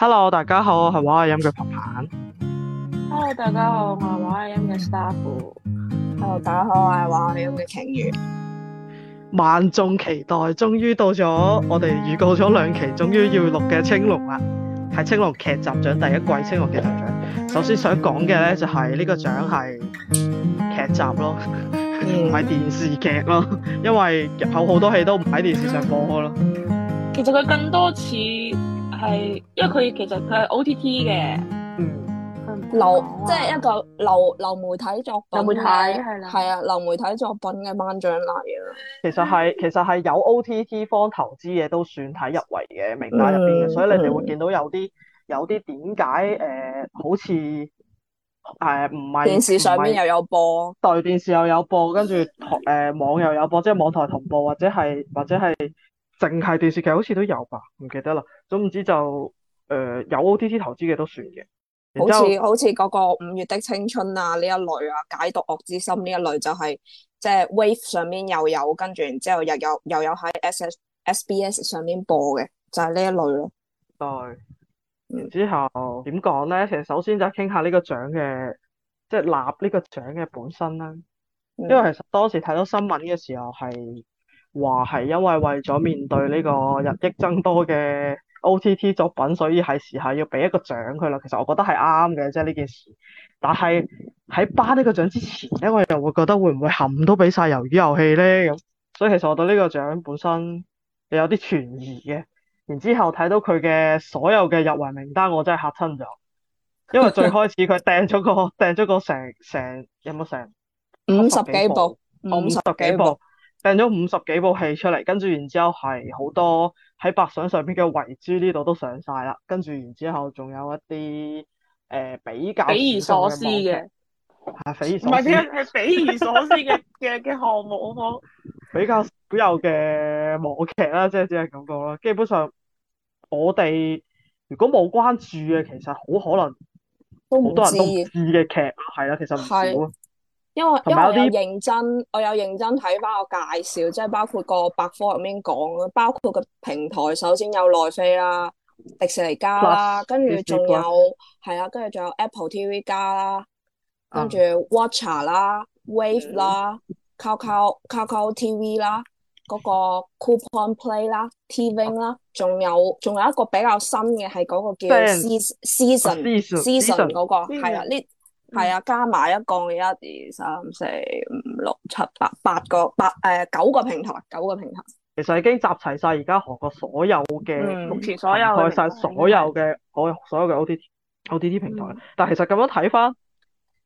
Hello，大家好，我係畫外音嘅鵬鵬。Hello，大家好，我係畫外音嘅 staff。Hello，大家好，我係畫外音嘅晴雨。萬眾期待，終於到咗我哋預告咗兩期終於，終於要錄嘅青龍啦，係青龍劇集獎，第一季青龍劇集獎。首先想講嘅咧，就係呢個獎係劇集咯，唔係電視劇咯，因為有好多戲都唔喺電視上播咯。其實佢更多次。係，因為佢其實佢係 O T T 嘅，流、嗯嗯、即係一個流流媒體作品，係啊，流媒體作品嘅頒獎禮咯。其實係，其實係有 O T T 方投資嘅，都算係入圍嘅名單入邊嘅，面嗯、所以你哋會見到有啲、嗯、有啲點解誒，好似誒唔係電視上面又有播，對電視又有播，跟住誒網又有播，即係網台同步，或者係或者係。淨係電視劇好似都有吧，唔記得啦，總唔知就誒、呃、有 O T T 投資嘅都算嘅。好似好似嗰個五月的青春啊，呢一類啊，解讀惡之心呢一類就係、是、即係、就是、Wave 上面又有，跟住然之後又有又有喺 S HS, S B S 上面播嘅，就係、是、呢一類咯、啊。對，然之後點講咧？其實、嗯、首先就傾下呢個獎嘅，即係立呢個獎嘅本身啦。因為其實當時睇到新聞嘅時候係。話係因為為咗面對呢個日益增多嘅 O T T 作品，所以係時候要俾一個獎佢啦。其實我覺得係啱嘅，即係呢件事。但係喺頒呢個獎之前咧，我又會覺得會唔會冚都俾晒魷魚遊戲咧咁？所以其實我對呢個獎本身有啲存疑嘅。然之後睇到佢嘅所有嘅入圍名單，我真係嚇親咗。因為最開始佢掟咗個掟咗 個成成有冇成五十幾部，五十幾部。掟咗五十幾部戲出嚟，跟住然之後係好多喺白相上邊嘅遺珠呢度都上晒啦，跟住然之後仲有一啲誒比較匪夷所思嘅，唔係，係係匪夷所思嘅嘅嘅項目好唔好？比較少有嘅網劇啦，即係只係咁講啦。基本上我哋如果冇關注嘅，其實好可能都好多人都知嘅劇係啦，其實唔少。因為因為我有認真，我有認真睇返個介紹，即係包括個百科入面講，包括個平台。首先有奈飛啦、迪士尼加啦，跟住仲有係啦，跟住仲有 Apple TV 加啦，跟住 Watcha 啦、Wave 啦、Coco、Coco TV 啦，嗰個 Coupon Play 啦、Tving 啦，仲有仲有一個比較新嘅係嗰個叫 Season、Season Season 嗰個，係啦呢。係啊，加埋一共一二三四五六七八八個八誒九個平台，九個平台，其實已經集齊晒而家韓國所有嘅目前所有台晒所有嘅所有所有嘅 OTT OTT 平台。但其實咁樣睇翻，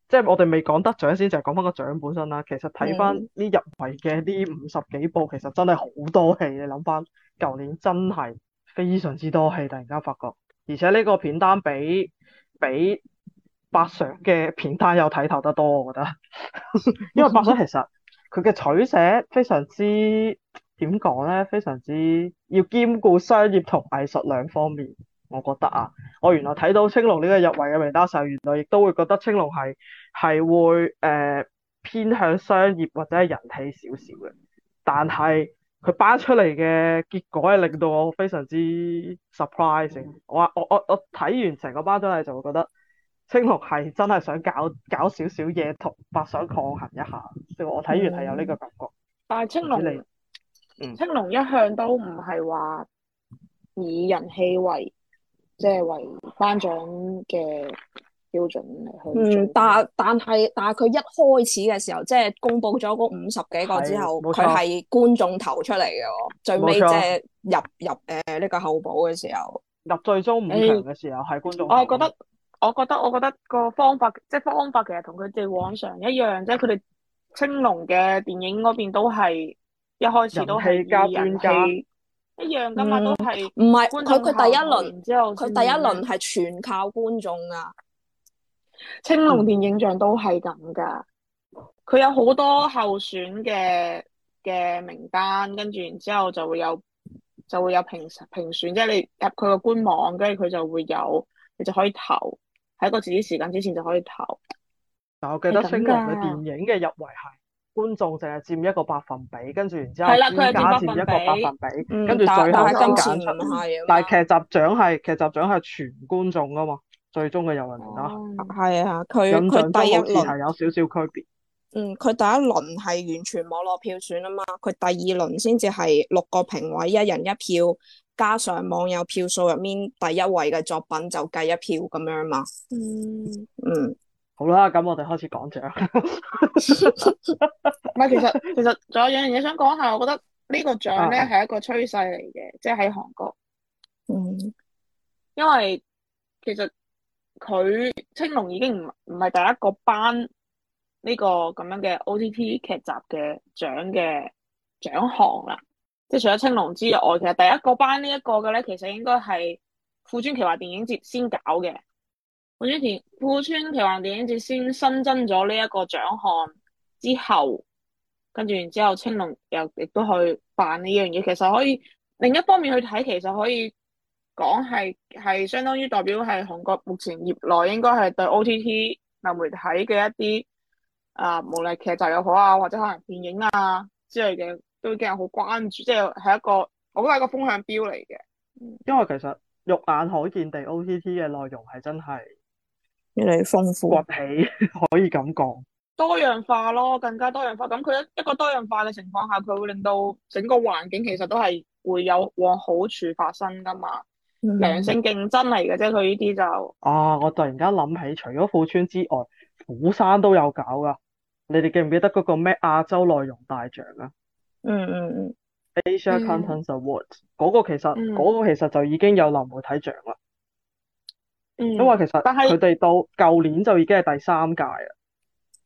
即係我哋未講得獎先，就係講翻個獎本身啦。其實睇翻呢入圍嘅呢五十幾部，其實真係好多戲。你諗翻舊年真係非常之多戲，突然間發覺，而且呢個片單比比百想嘅片單又睇頭得多，我覺得， 因為百想其實佢嘅取捨非常之點講咧，非常之要兼顧商業同藝術兩方面，我覺得啊，我原來睇到青龍呢個入圍嘅名單時，原來亦都會覺得青龍係係會誒、呃、偏向商業或者係人氣少少嘅，但係佢頒出嚟嘅結果係令到我非常之 surprising，嗯、我我我我睇完成個頒出嚟就會覺得。青龍係真係想搞搞少少嘢，同百想抗衡一下，我睇完係有呢個感覺。嗯，但係青龍，嗯，青龍一向都唔係話以人氣為，即係為頒獎嘅標準嚟去。嗯，但但係但係佢一開始嘅時候，即係公布咗嗰五十幾個之後，佢係觀眾投出嚟嘅，最尾即係入入誒呢個候補嘅時候。入最終五強嘅時候係觀眾。我覺得。我覺得我覺得個方法即係方法，其實同佢哋往常一樣，即係佢哋青龍嘅電影嗰邊都係一開始都係二人噶，人氣加人氣一樣噶嘛，嗯、都係唔係佢佢第一輪之後佢第一輪係全靠觀眾啊。青龍電影獎都係咁噶，佢、嗯、有好多候選嘅嘅名單，跟住然之後就會有就會有評評選，即係你入佢個官網，跟住佢就會有，你就可以投。一個自己時間之前就可以投。但我記得青龍嘅電影嘅入圍係觀眾淨係佔一個百分比，跟 住樂然之後係啦，佢係佔一個百分比，跟住最後先揀出。但係劇集獎係劇集獎係全觀眾啊嘛，最終嘅入圍啊。係啊，佢佢第一輪有少少區別。嗯，佢第一輪係完全冇攞票選啊嘛，佢第二輪先至係六個評委一人一票。加上網友票數入面第一位嘅作品就計一票咁樣嘛？嗯、mm. 嗯，好啦，咁我哋開始講獎。唔 係， 其實其實仲有兩樣嘢想講下，我覺得呢個獎咧係一個趨勢嚟嘅，即係喺韓國。嗯，mm. 因為其實佢青龍已經唔唔係第一個頒呢個咁樣嘅 OTP 劇集嘅獎嘅獎項啦。即係除咗青龍之外，其實第一個班個呢一個嘅咧，其實應該係富川奇幻電影節先搞嘅。富川電富川奇幻電影節先新增咗呢一個獎項之後，跟住然之後青龍又亦都去以辦呢樣嘢。其實可以另一方面去睇，其實可以講係係相當於代表係韓國目前業內應該係對 O T T 流媒體嘅一啲啊、呃，無論劇集又好啊，或者可能電影啊之類嘅。都已經好關注，即係係一個好大一個風向標嚟嘅。因為其實肉眼可見地 O T T 嘅內容係真係越嚟豐富崛起，可以咁講。多樣化咯，更加多樣化。咁佢一一個多樣化嘅情況下，佢會令到整個環境其實都係會有往好處發生噶嘛，mm hmm. 良性競爭嚟嘅啫。佢呢啲就啊，我突然間諗起，除咗富川之外，釜山都有搞噶。你哋記唔記得嗰個咩亞洲內容大獎啊？嗯嗯嗯，Asia Content Award 嗰、mm hmm. 個其實嗰、mm hmm. 個其實就已經有流媒體獎啦，mm hmm. 因為其實佢哋到舊年就已經係第三屆啦。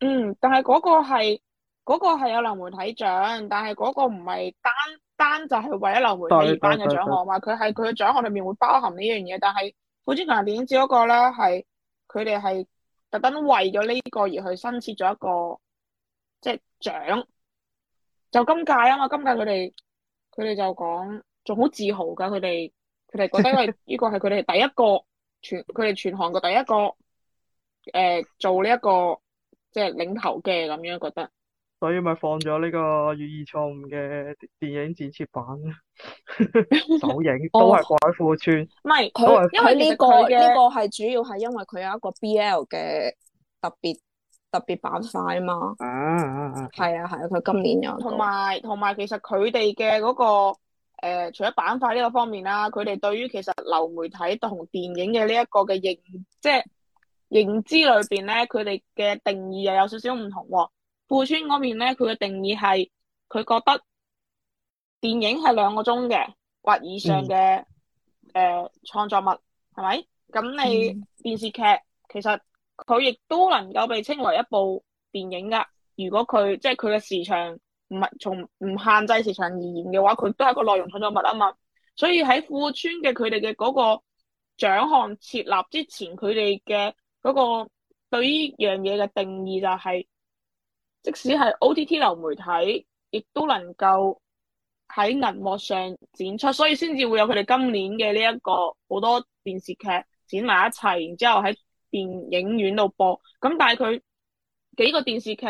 嗯，但係嗰個係嗰個係有流媒體獎，但係嗰個唔係單單就係為咗流媒體而頒嘅獎項嘛，佢係佢嘅獎項裏面會包含呢樣嘢。但係《青龍電影節》嗰個咧係佢哋係特登為咗呢個而去新設咗一個即係獎。就今屆啊嘛，今屆佢哋佢哋就講仲好自豪噶，佢哋佢哋覺得因為呢個係佢哋第一個 全佢哋全韓嘅第一個誒、呃、做呢、這、一個即係、就是、領頭嘅咁樣覺得。所以咪放咗呢個語意錯誤嘅電影剪切版首映都係改庫村》。唔係佢因為呢、這個呢個係主要係因為佢有一個 BL 嘅特別特別板塊嘛，uh, uh, uh, 啊，係啊，係啊，佢今年又同埋同埋，其實佢哋嘅嗰個、呃、除咗板塊呢個方面啦、啊，佢哋對於其實流媒體同電影嘅呢一個嘅認，即係認知裏邊咧，佢哋嘅定義又有少少唔同喎、啊。富川嗰面咧，佢嘅定義係佢覺得電影係兩個鐘嘅或以上嘅誒、嗯呃、創作物，係咪？咁你電視劇、嗯、其實。佢亦都能夠被稱為一部電影㗎。如果佢即係佢嘅時長唔係從唔限制時長而言嘅話，佢都係一個內容創作物啊嘛。所以喺富川嘅佢哋嘅嗰個獎項設立之前，佢哋嘅嗰個對於樣嘢嘅定義就係、是、即使係 O T T 流媒體亦都能夠喺銀幕上展出，所以先至會有佢哋今年嘅呢一個好多電視劇剪埋一齊，然之後喺。電影院度播咁，但係佢幾個電視劇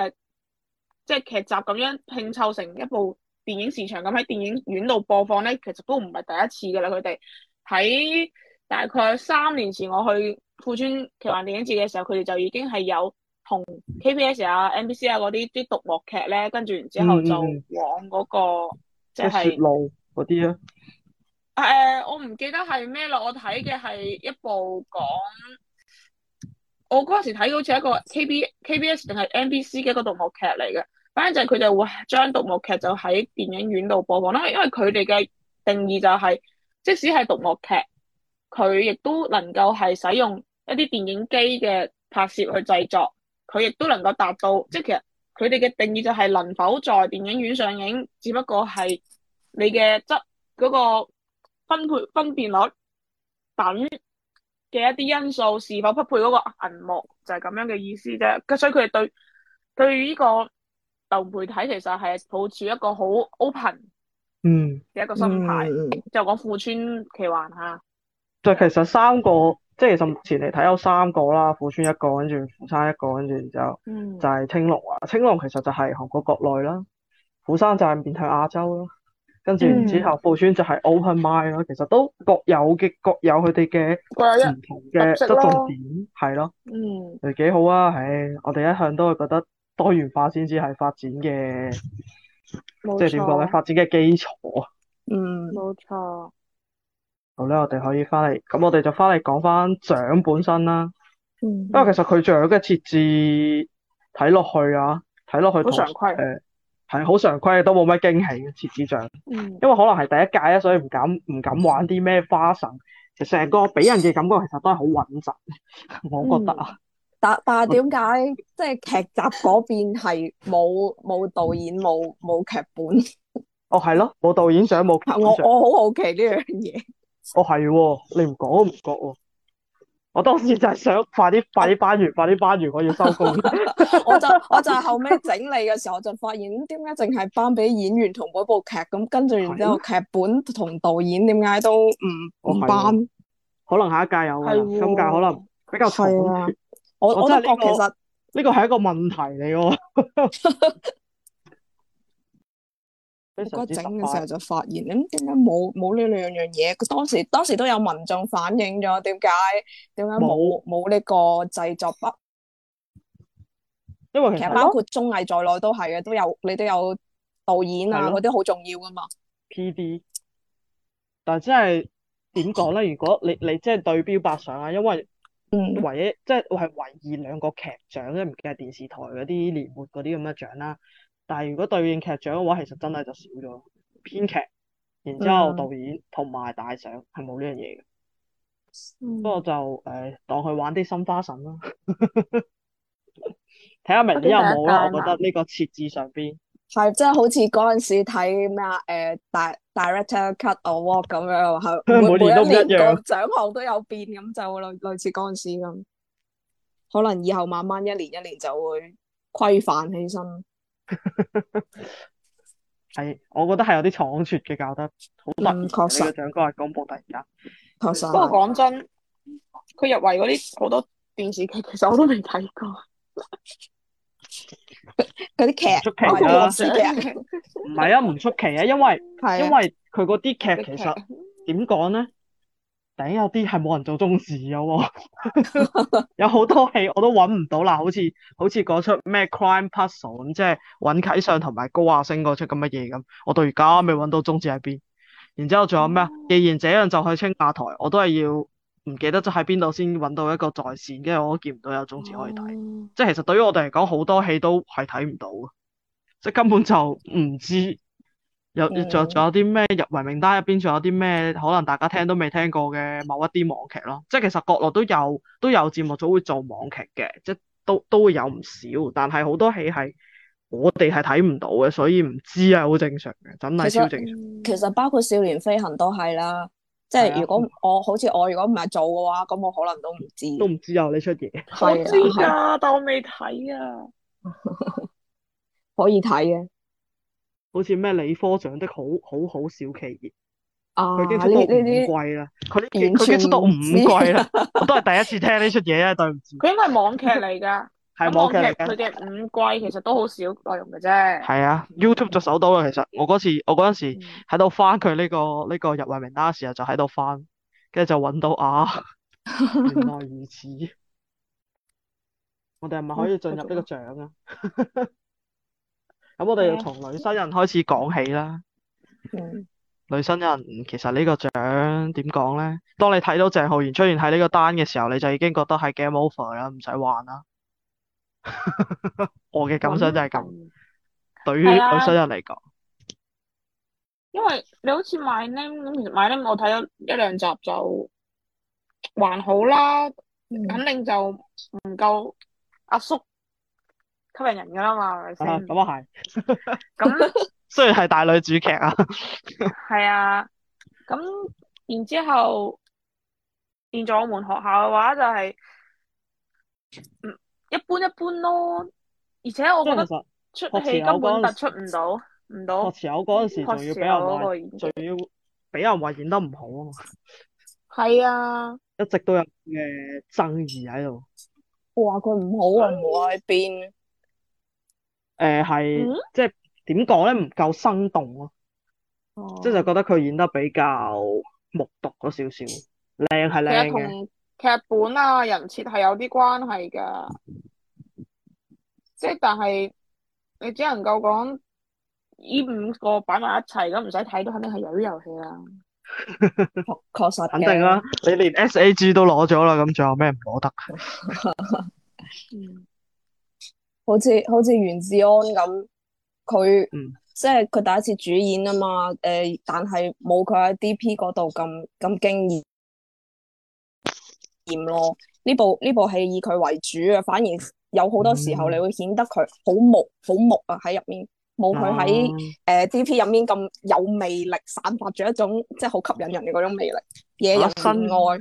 即係劇集咁樣拼湊成一部電影時長咁喺電影院度播放咧，其實都唔係第一次噶啦。佢哋喺大概三年前我去富川奇幻電影節嘅時候，佢哋就已經係有同 KBS 啊、MBC 啊嗰啲啲獨幕劇咧，跟住然之後就往嗰、那個、嗯、即係路嗰啲啊。誒、呃，我唔記得係咩啦。我睇嘅係一部講。我嗰陣時睇嘅好似一個 K B K B S 定係 N B C 嘅一個獨幕劇嚟嘅，反正就係佢就會將獨幕劇就喺電影院度播放啦。因為佢哋嘅定義就係、是，即使係獨幕劇，佢亦都能夠係使用一啲電影機嘅拍攝去製作，佢亦都能夠達到。即係其實佢哋嘅定義就係能否在電影院上映，只不過係你嘅質嗰、那個分配分辨率等。嘅一啲因素是否匹配嗰個銀幕，就係、是、咁樣嘅意思啫。所以佢哋對對呢個流媒體其實係抱住一個好 open 嘅一個心態。嗯嗯、就講富川奇幻嚇，就、嗯、其實三個，即係其實目前嚟睇有三個啦，富川一個，跟住釜山一個，跟住然之後就係青龍啊。嗯、青龍其實就係韓國國內啦，釜山就係面向亞洲咯。跟住之後，庫村就係 Open Mind 咯。其實都各有嘅，各有佢哋嘅唔同嘅側重點，係咯。嗯，嚟幾好啊！唉，我哋一向都會覺得多元化先至係發展嘅，錯即係點講咧？發展嘅基礎。嗯，冇 錯。好啦，我哋可以翻嚟。咁我哋就翻嚟講翻獎本身啦。嗯。因為其實佢獎嘅設置睇落去啊，睇落去同誒。係好常規，都冇乜驚喜嘅設置上，因為可能係第一屆咧，所以唔敢唔敢玩啲咩花神，其實成個俾人嘅感覺其實都係好穩陣，我覺得啊、嗯。但但係點解即係劇集嗰邊係冇冇導演冇冇劇本？哦係咯，冇導演獎冇劇本獎。我我好好奇呢樣嘢。哦係喎，你唔講我唔覺喎。我當時就係想快啲快啲頒完，快啲頒完我要收工。 我就我就係後尾整理嘅時候，我就發現，點解淨係頒俾演員同部劇咁，跟住然之後劇本同導演點解都唔唔頒？啊、頒可能下一屆有，咁、啊、屆可能比較短缺、啊。我我真係覺得其實呢、這個係、這個、一個問題嚟。 佢整嘅時候就發現，咁點解冇冇呢兩樣嘢？佢當時當時都有民眾反映咗，點解點解冇冇呢個製作不？因為其實包括綜藝在內都係嘅，都有你都有導演啊嗰啲好重要噶嘛。P. D. 但係真係點講咧？如果你你即係對標百想啊，因為唯一、嗯、即係唯二兩個劇獎咧，唔計電視台嗰啲年活嗰啲咁嘅獎啦。但係如果對應劇獎嘅話，其實真係就少咗編劇，然之後導演同埋大賞係冇呢樣嘢嘅。不過就誒、呃，當佢玩啲新花臣啦，睇 下明年有冇啦。嗯、我覺得呢個設置上邊係即係好似嗰陣時睇咩啊？誒、呃，大 Director Cut Award 咁樣，係每每一年獎項都有變，咁就類，類似嗰陣時咁。可能以後慢慢一年，一年一年就會規範起身。係， 我覺得係有啲倉促嘅搞得好、嗯、突然，你嘅長哥公布突然間，確實。不過講真，佢入圍嗰啲好多電視劇，其實我都未睇過。嗰啲劇唔係啊，唔出奇啊，因為、啊、因為佢嗰啲劇其實點講咧？突、哎、有啲係冇人做中字咗喎，有好多戲我都揾唔到啦，好似好似嗰出咩 Crime Puzzle 咁，即係尹啟相同埋高亞星嗰出咁嘅嘢咁，我到而家未揾到中字喺邊。然之後仲有咩？既然這樣就去清亞台，我都係要唔記得就喺邊度先揾到一個在線，跟住我都見唔到有中字可以睇。即係其實對於我哋嚟講，好多戲都係睇唔到，即係根本就唔知。嗯、有仲仲有啲咩入圍名單入邊，仲有啲咩可能大家聽都未聽過嘅某一啲網劇咯，即係其實國內都有都有節目組會做網劇嘅，即係都都會有唔少，但係好多戲係我哋係睇唔到嘅，所以唔知啊，好正常嘅，真係超正常其。其實包括少年飛行都係啦，即係如果我，的我好似我如果唔係做嘅話，咁我可能都唔知。都唔知有呢、啊、出嘢，以我知的的我啊，但我未睇啊。可以睇嘅。好似咩理科獎的好好好小企業，佢已、啊、經到五季啦，佢佢已經出到五季啦， 我都係第一次聽呢出嘢啊，對唔住。佢應該係網劇嚟噶，係 網劇佢嘅五季其實都好少內容嘅啫。係啊，YouTube 就搜到啦。其實我嗰次我陣時喺度翻佢呢、呢個呢、呢個入圍名單嘅時候就喺度翻，跟住就搵到啊， 原來如此。 我哋係咪可以進入呢個獎啊？ 咁我哋要從女新人開始講起啦。嗯、女新人其實個獎呢個獎點講咧？當你睇到鄭浩然出現喺呢個單嘅時候，你就已經覺得係 game over 啦，唔使玩啦。 我嘅感想就係咁，嗯、對於女新人嚟講。因為你好似買 name 咁，其實買 name 我睇咗一兩集就還好啦，肯定就唔夠阿叔。吸引人噶啦嘛，係咪先？咁啊係咁，雖然係大女主劇 啊，係啊。咁然之後，變咗我們學校嘅話就係，嗯，一般一般咯。而且我覺得出戲、那個、根本突出唔到，唔到。我前友嗰陣時、呃，學前嗰陣時仲要俾人話，仲要俾人話演得唔好啊嘛。係啊，一直都有嘅爭議喺度，話佢唔好啊，唔好喺邊。誒，係、呃嗯、即係點講咧？唔夠生動咯、啊、嗯、即係就覺得佢演得比較木獨咗少少。靚係靚嘅，其實同劇本啊、人設係有啲關係噶。即係，但係你只能夠講呢五個擺埋一齊咁，唔使睇都肯定係魷魚遊戲啦。確 實，肯定啦、啊！你連 SAG 都攞咗啦，咁仲有咩唔攞得？ 嗯好似好似袁志安咁，佢、嗯、即係佢第一次主演啊嘛，誒、呃，但係冇佢喺 D.P. 嗰度咁咁驚艷咯。呢、嗯、部呢部戲以佢為主啊，反而有好多時候你會顯得佢好木好木啊喺入面，冇佢喺誒 D.P. 入面咁有魅力，散發住一種即係好吸引人嘅嗰種魅力嘢入身外。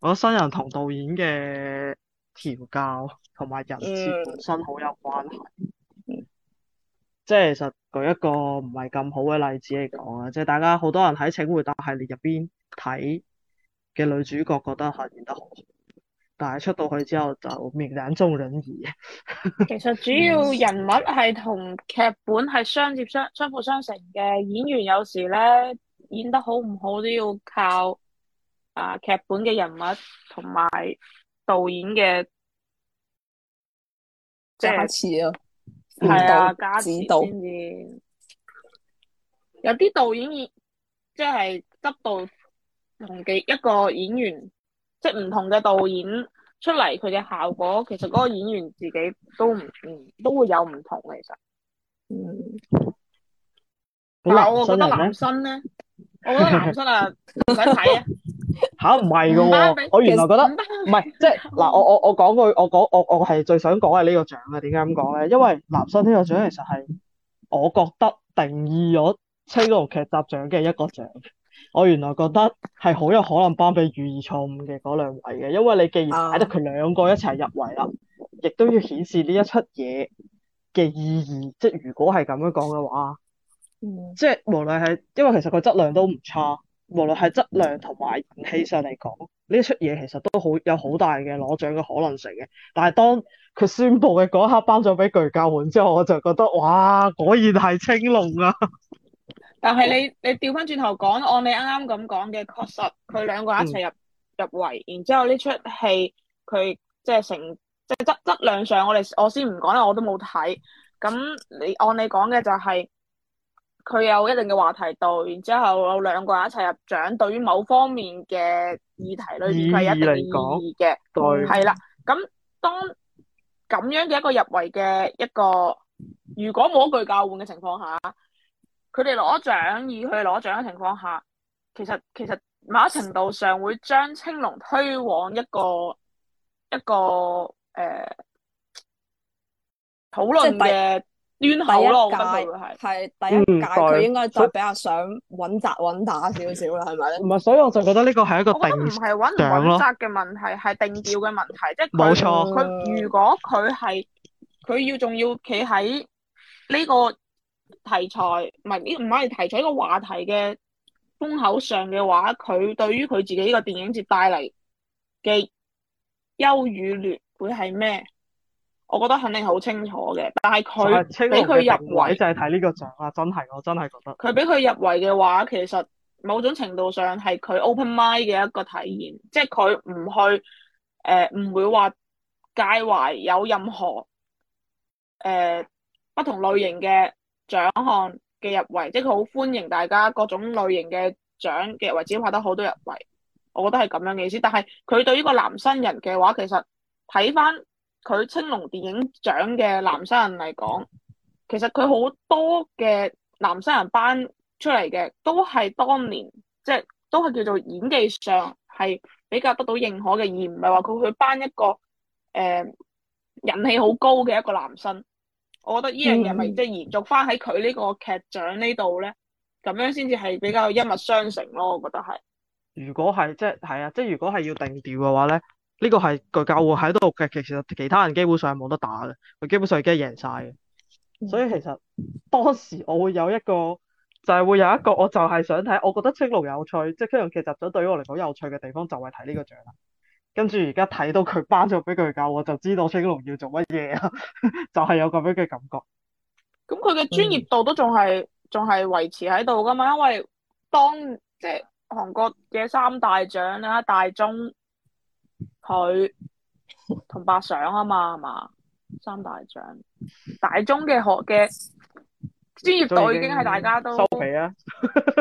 我新人同導演嘅。調教同埋人設本身好有關係，嗯、即係其實舉一個唔係咁好嘅例子嚟講啊，即係大家好多人喺《請回答》系列入邊睇嘅女主角，覺得係演得好，但係出到去之後就泯然眾人矣。 其實主要人物係同劇本係相接相相輔相成嘅，演員有時咧演得好唔好都要靠啊，劇本嘅人物同埋。導演嘅即係似啊，係、就、啊、是，加指導先至有啲導演，即係執導同嘅一個演員，即係唔同嘅導演出嚟，佢嘅效果，其實嗰個演員自己都唔唔、嗯、都會有唔同，其實嗯，嗱，我覺得男生咧，生呢我覺得男生啊唔使睇啊。吓唔係噶，我原來覺得唔係，即係嗱，我我我講句，我講我我係最想講係呢個獎啊？點解咁講咧？因為男生呢個獎其實係我覺得定義咗青龍劇集獎嘅一個獎。我原來覺得係好有可能頒俾寓意錯誤嘅嗰兩位嘅，因為你既然睇得佢兩個一齊入圍啦，亦，uh, 都要顯示呢一齣嘢嘅意義。即係如果係咁樣講嘅話，即係，uh, 無論係，因為其實佢質量都唔差。無論係質量同埋氣上嚟講，呢出嘢其實都好有好大嘅攞獎嘅可能性嘅。但係當佢宣布嘅嗰一刻頒咗俾巨教員之後，我就覺得哇，果然係青龍啊！但係你你調返轉頭講，按你啱啱咁講嘅，確實佢兩個一齊入、嗯、入圍，然之後呢出戲佢即係成即係、就是、質質量上我，我哋我先唔講啦，我都冇睇。咁你按你講嘅就係、是。佢有一定嘅話題度，然之後有兩個人一齊入獎，對於某方面嘅議題咧，佢係有一定意義嘅。係啦，咁當咁樣嘅一個入圍嘅一個，如果冇一句教換嘅情況下，佢哋攞獎，以佢哋攞獎嘅情況下，其實其實某程度上會將青龍推往一個一個誒、呃、討論嘅。亂口咯，我覺得係係第一屆佢、嗯、應該就比較想穩紮穩打少少啦，係咪咧？唔係吧，所以我就覺得呢個係一個定定咯。唔係穩唔穩紮嘅問題，係、啊、定調嘅問題，即係冇錯、佢佢如果佢係佢要仲要企喺呢個題材唔係唔係題材一個話題嘅風口上嘅話，佢對於佢自己呢個電影節帶嚟嘅優與劣會係咩？我覺得肯定好清楚嘅，但係佢俾佢入圍就係睇呢個獎啦、啊，真係我真係覺得。佢俾佢入圍嘅話，其實某種程度上係佢 open mind 嘅一個體現，即係佢唔去誒，唔、呃、會話介懷有任何誒、呃、不同類型嘅獎項嘅入圍，即係佢好歡迎大家各種類型嘅獎嘅入圍，只要拍得好多入圍。我覺得係咁樣嘅意思，但係佢對呢個男新人嘅話，其實睇翻。佢青龍電影獎嘅男生人嚟講，其實佢好多嘅男生人班出嚟嘅，都係當年即係、就是、都係叫做演技上係比較得到認可嘅，而唔係話佢去班一個誒、呃、人氣好高嘅一個男生。我覺得呢樣嘢咪即係延續翻喺佢呢個劇獎呢度咧，咁樣先至係比較一脈相承咯。我覺得係。如果係即係係啊，即、就、係、是、如果係要定調嘅話咧。呢個係個教會喺度嘅，其實其他人基本上冇得打嘅，佢基本上已經贏晒嘅。所以其實當時我會有一個，就係、是、會有一個，我就係想睇。我覺得青龍有趣，即係青龍劇集組對於我嚟講有趣嘅地方就係睇呢個獎。跟住而家睇到佢頒出俾佢教，我就知道青龍要做乜嘢啊， 就係有咁樣嘅感覺。咁佢嘅專業度都仲係仲係維持喺度噶嘛？因為當即係韓國嘅三大獎啦、啊，大鐘。佢同百想啊嘛，係嘛三大獎，大鐘嘅學嘅專業度已經係大家都，都收皮啦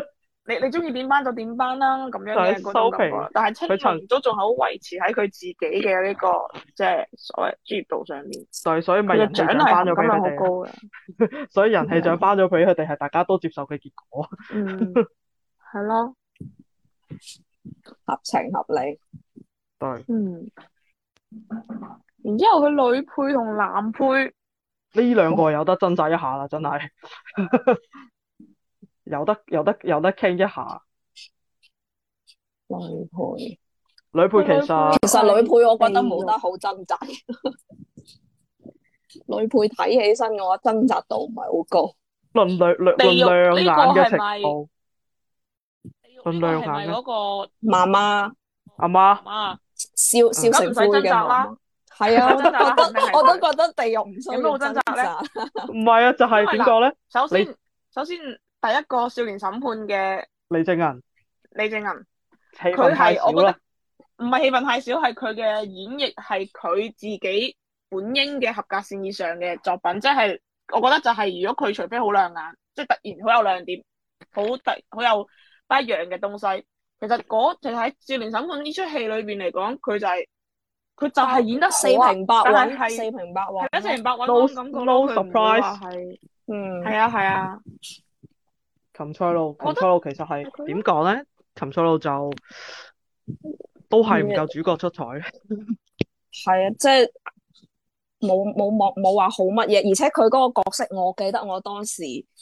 。你你中意點班就點班啦、啊，咁樣嘅嗰種感覺。但係青龍都仲好維持喺佢自己嘅呢、這個即係、就是、所謂專業度上面。對，所以咪他的 人氣獎頒咗俾佢哋。所以人氣獎頒咗俾佢哋，係 大家都接受嘅結果。 嗯，係咯，合情合理。嗯，然之後佢女配同男配呢兩個有得掙扎一下啦，真係 有得有得有得傾一下。女配，女配其實其實女配我覺得冇得好掙扎。 女配睇起身嘅話，掙扎度唔係好高。論亮亮論亮眼嘅程度，論亮眼嘅、嗰個、媽媽，阿媽，媽，阿媽。笑笑成灰嘅，係啊，我都覺得，我都覺得地獄唔使。有咩好掙扎咧？唔係啊，就係點講咧？首先，首先第一個少年審判嘅李正銀，李正銀，佢係我覺得唔係戲份太少，係佢嘅演繹係佢自己本應嘅合格線以上嘅作品，即係我覺得就係如果佢除非好亮眼，即係突然好有亮點，好特好有不一樣嘅東西。其實嗰就喺《少年審判》呢出戲裏邊嚟講，佢就係佢就係演得四平八穩，四平八穩，四平八穩咁嘅感覺。No surprise 係，嗯，係啊，係啊。岑翠露，岑翠露其實係點講咧？岑翠露就都係唔夠主角出彩。係啊，即係。冇冇冇冇話好乜嘢，而且佢嗰個角色，我記得我當時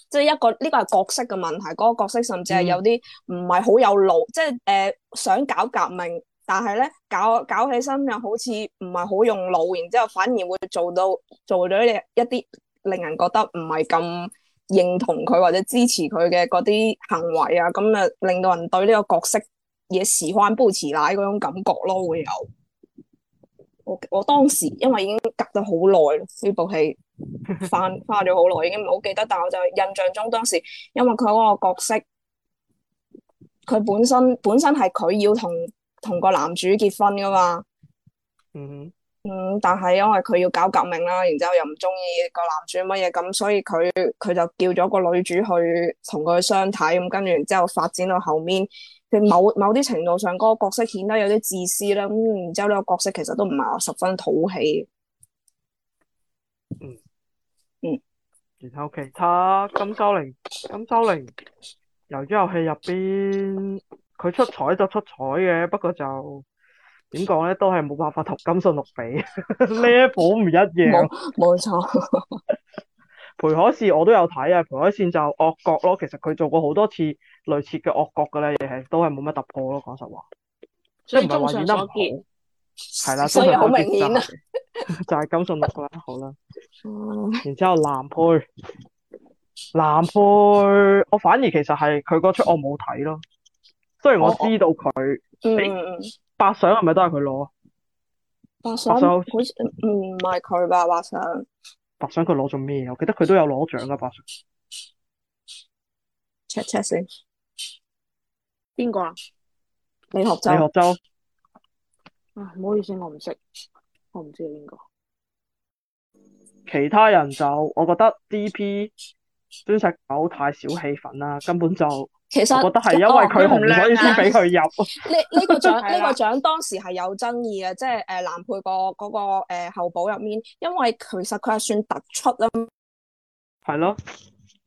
即係一個呢、呢個係角色嘅問題。嗰、這個角色甚至係有啲唔係好有腦，嗯、即係誒、呃、想搞革命，但係咧搞搞起身又好似唔係好用腦，然之後反而會做到做咗一啲令人覺得唔係咁認同佢或者支持佢嘅嗰啲行為啊，咁啊令到人對呢個角色嘢時歡不持久嗰種感覺咯，會有。我當時因為已經隔得好耐，呢部戲翻花咗好耐，已經唔好記得，但我就印象中當時，因為佢嗰個角色，佢本身本身係佢要同同個男主結婚㗎嘛。嗯、mm hmm. .嗯，但係因為佢要搞革命啦，然之後又唔中意個男主乜嘢，咁所以佢佢就叫咗個女主去同佢相睇咁，跟住然之後，後發展到後面，佢某某啲程度上嗰個角色顯得有啲自私啦，咁然之後呢個角色其實都唔係十分討喜。嗯嗯，嗯然後其他金秋玲，金秋玲由咗遊戲入邊，佢出彩就出彩嘅，不過就。點講咧？都係冇辦法同金信六比，呢一火唔一樣。冇冇錯。裴可士我都有睇啊，裴可士就惡角咯。其實佢做過好多次類似嘅惡角嘅咧，亦係都係冇乜突破咯。講實話，即以唔係話演得唔好。係啦，所以好明顯就係金信六啦，嗯、好啦。哦。然之後男配，男配，我反而其實係佢嗰出我冇睇咯。雖然我知道佢。嗯白相係咪都係佢攞？白相，白相好似唔係佢吧，白相。白相佢攞咗咩？我記得佢都有攞獎噶白相。check check 先，邊個啊？李學周。李學周。唔好意思，我唔識，我唔知係邊個。其他人就我覺得 D.P. 鑽石狗太小氣份啦，根本就。其實我覺得係因為佢紅、哦啊、可以先俾佢入。呢呢 個獎呢 個獎當時係有爭議嘅，即係誒男配個個誒候補入面，因為其實佢係算突出啦。係咯的。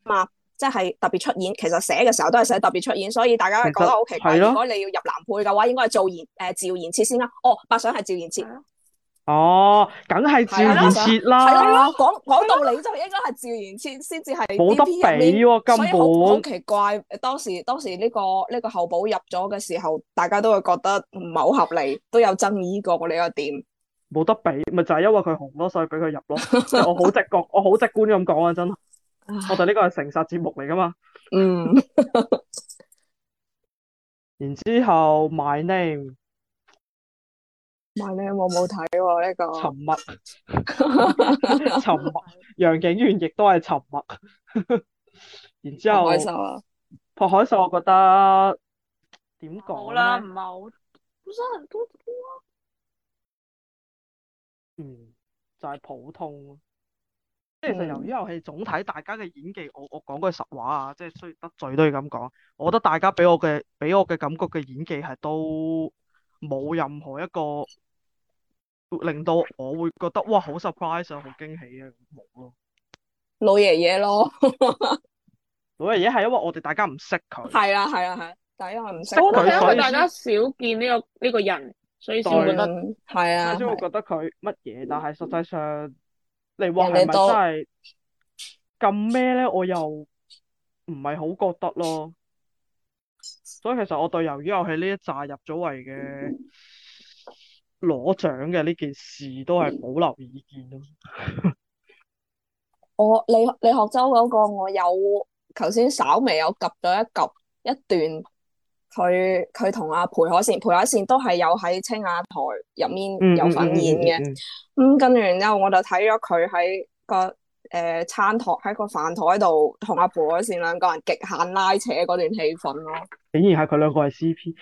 嘛，即係特別出演，其實寫嘅時候都係寫特別出演，所以大家覺得好奇怪。如果你要入男配嘅話，應該係做言誒趙言切先啦。哦，白相係趙言切。哦，梗係自然切啦，講講道理就應該係自然切先至係冇得比喎，根本好奇怪，當時當時呢個呢個候補入咗嘅時候，大家都會覺得唔係好合理，都有爭議過，呢個點。冇得比，咪就係因為佢紅咯，所以俾佢入咯。我好直覺，我好直觀咁講啊，真。我哋呢個係誠實節目嚟噶嘛？嗯。然之後，my name。唔係咧，我冇睇喎呢個。沉默， 沉默。楊景源亦都係沉默。 然之後，朴、啊、海秀，我覺得點講？好啦，唔係好本身很多歌。嗯，啊、嗯，就係、是、普通。即係、嗯、其實由於遊戲總體大家嘅演技，我我講句實話啊，即係雖得罪都要咁講。我覺得大家俾我嘅俾我嘅感覺嘅演技係都冇任何一個。令到我會覺得哇，好 surprise 啊，好驚喜啊，冇咯， 老爺爺咯，老爺爺係因為我哋大家唔識佢，係 啊係啊係，就因為唔識佢，大家少見呢個呢個人，所以先會對得係對啊，先會、啊、覺得佢乜嘢，但係實際上你話你咪真係咁咩咧？我又唔係好覺得咯，所以其實我對遊戲遊戲《魷魚遊戲》呢一扎入咗圍嘅。攞獎嘅呢件事都係保留意見咯。 我李李學周嗰、那個，我有頭先稍微有及咗一及一段，佢佢同阿裴海善、裴海善都係有喺青亞台入面有份演嘅。咁跟住然之後，我就睇咗佢喺個。誒、呃，餐檯喺個飯檯度同阿裴海善兩個人極限拉扯嗰段氣氛咯，啊，竟然係佢兩個係 C P，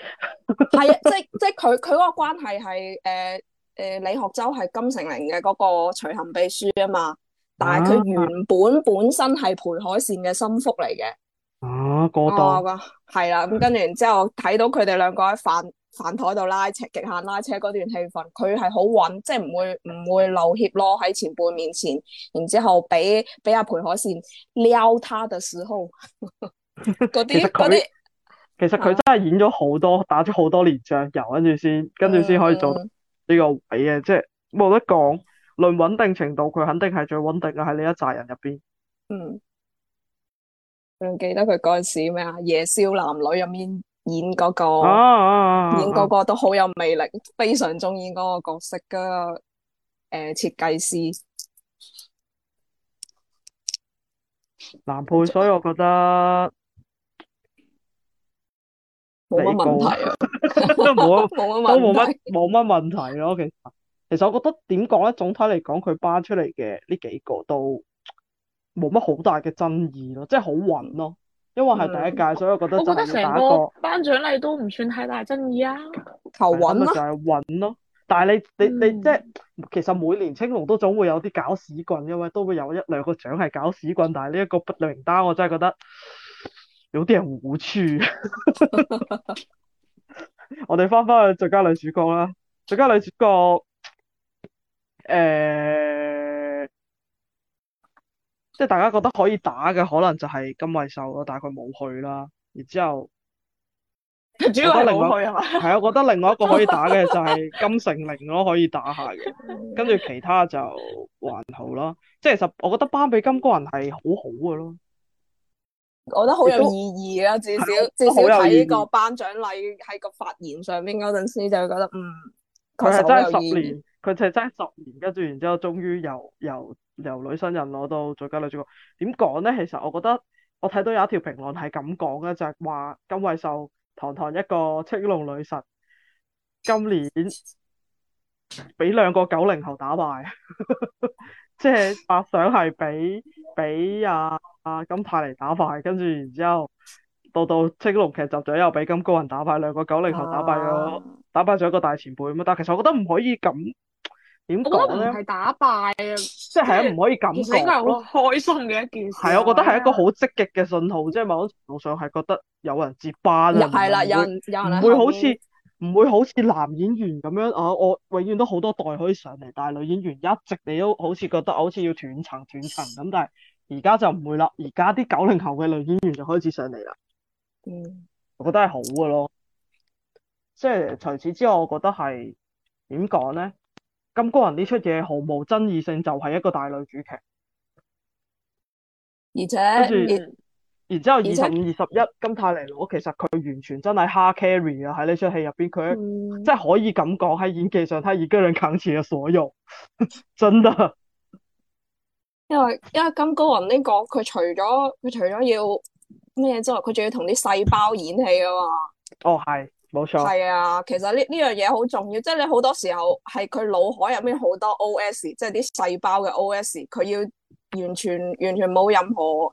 係即即佢佢嗰個關係係誒誒，李學洲係金成玲嘅嗰個隨行秘書啊嘛，但係佢原本本，本身係裴海善嘅心腹嚟嘅，啊，過檔係啦，咁，啊，跟住然之後睇到佢哋兩個喺飯飯台度拉扯極限拉扯嗰段氣氛，佢係好穩，即係唔會唔會漏怯咯。喺前輩面前，然之後俾俾阿裴海善撩他的時候，啲 啲些，其實佢些真係演咗好多，啊、打咗好多年醬油，跟住先跟住先可以做呢個位嘅，嗯、即係冇得講。論穩定程度，佢肯定係最穩定嘅喺呢一紮人入邊。嗯，仲記得佢嗰陣時咩啊？夜宵男女入面。演嗰、那個，啊、演嗰個都好有魅力，啊、非常中意嗰個角色嘅誒設計師。男配，所以我覺得冇乜問題、啊，都冇乜，都冇乜，冇乜問題咯、啊。其實，其實我覺得點講咧？總體嚟講，佢頒出嚟嘅呢幾個都冇乜好大嘅爭議、就是、咯，即係好勻咯。因為係第一屆，嗯、所以我覺得我覺得成個頒獎禮都唔算太大爭議啊，求穩咯。咁咪就係穩咯。但係你你、嗯、你即、就、係、是、其實每年青龍都總會有啲搞屎棍，因為都會有一兩個獎係搞屎棍。但係呢一個名單我真係覺得有啲人胡吹。我哋翻翻去最佳女主角啦，最佳女主角，誒、欸。即係大家覺得可以打嘅，可能就係金惠秀咯，但係佢冇去啦。然之後，主要係冇去啊。係 我覺得另外一個可以打嘅就係金成玲咯，可以打下嘅。跟住其他就還好啦。即係其實我覺得班比金個人係好好嘅咯。我覺得好有意義啦、啊，都至少至少喺個頒獎禮喺個發言上邊嗰陣時就覺得嗯，佢實真係十年。」佢就爭十年，跟住然之後終於，終於由由由女新人攞到最佳女主角。點講咧？其實我覺得我睇到有一條評論，係咁講嘅，就係、是、話金惠秀堂堂一個青龍女神，今年俾兩個九零後打敗， 即係百想係俾俾阿金泰梨打敗，跟住然之後，然後到到青龍劇集，就又俾金高銀打敗，兩個九零後打敗咗、uh，打敗咗一個大前輩。咁但係其實我覺得唔可以咁。點講咧？我覺得唔係打敗啊，即係喺唔可以咁講咯。好開心嘅一件事係，我覺得係一個好積極嘅信號，即係某程度上係覺得有人接班啊。係啦又會，有人有啦，唔會好似唔面會好似男演員咁樣啊！我永遠都好多代可以上嚟，但係女演員一直你都好似覺得好，好似要斷層斷層咁。但係而家就唔會啦，而家啲九零後嘅女演員就開始上嚟啦。嗯，我覺得係好嘅咯。即係除此之外，我覺得係點講咧？金高銀呢出嘢，毫無爭議性，就係一個大女主劇，而且，著而且然之後二十五、二十一，金泰梨羅其實佢完全真係 hard carry 啊！喺呢出戲入邊，佢、嗯、真係可以咁講，喺演技上，喺二哥兩扛起嘅所有， 真的。因為因為金高銀呢、這個佢除咗佢除咗要咩之外，佢仲要同啲細胞演戲啊嘛。哦，係。冇錯，係啊，其實呢呢樣嘢好重要，即係你好多時候係佢腦海入面好多 O.S.，即係啲細胞嘅 O.S.，佢要完全完全冇任何誒